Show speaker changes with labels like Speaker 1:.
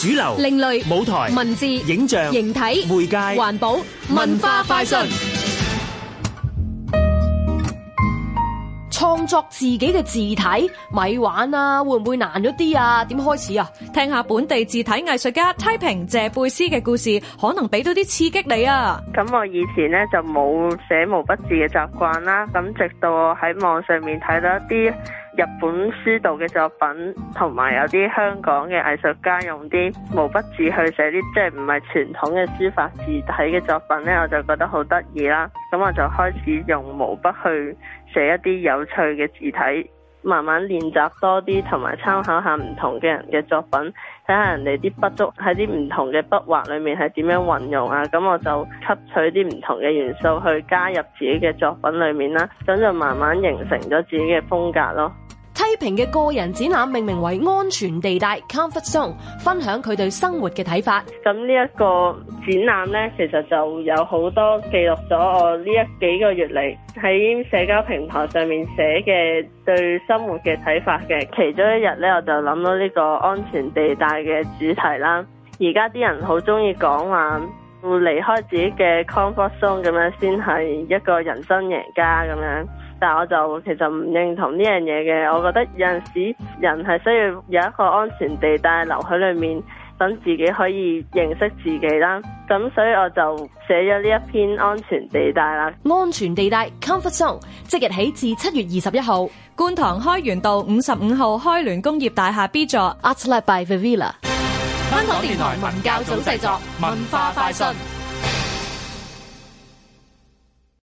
Speaker 1: 主流、另類舞台、文字、影像、形體、媒介、環保、文化、快訊。創作自己嘅字體，咪玩啊，會唔會難咗啲啊？點開始啊？聽下本地字體藝術家 Typing 謝貝斯嘅故事，可能俾到啲刺激你啊！咁我以前呢，就冇寫毛筆字嘅習慣啦，咁直到我喺網上面睇到一啲。日本書道嘅作品，同埋有啲香港嘅藝術家用啲毛筆字去寫啲即係唔係傳統嘅書法字體嘅作品呢，我就覺得好得意啦。咁我就開始用毛筆去寫一啲有趣嘅字體。慢慢練習多啲，同埋參考下唔同嘅人嘅作品，睇下人哋啲筆觸喺啲唔同嘅筆畫裏面係點樣運用啊。咁我就吸取啲唔同嘅元素去加入自己嘅作品裏面啦，咁就慢慢形成咗自己嘅風格咯。平嘅個人展覽命名為安全地帶 （comfort zone），分享佢對生活嘅睇法。咁呢一個展覽呢，其實就有好多記錄咗我呢一幾個月嚟，喺社交平台上面寫嘅對生活嘅睇法嘅。其中一日呢，我就諗到呢個安全地帶嘅主題啦。而家啲人好中意講話要離開自己嘅 comfort zone 咁樣，先係一個人生贏家咁樣。但我就其實唔認同呢樣嘢嘅，我覺得有陣時人係需要有一個安全地帶留喺裏面，等自己可以認識自己啦。咁所以我就寫咗呢一篇安全地帶啦。安全地帶 Comfort Zone，即日起至七月二十一號，觀塘開源道五十五號開聯工業大廈 B 座，Atlet by Vivilla。香港電台文教組製作，文化快訊。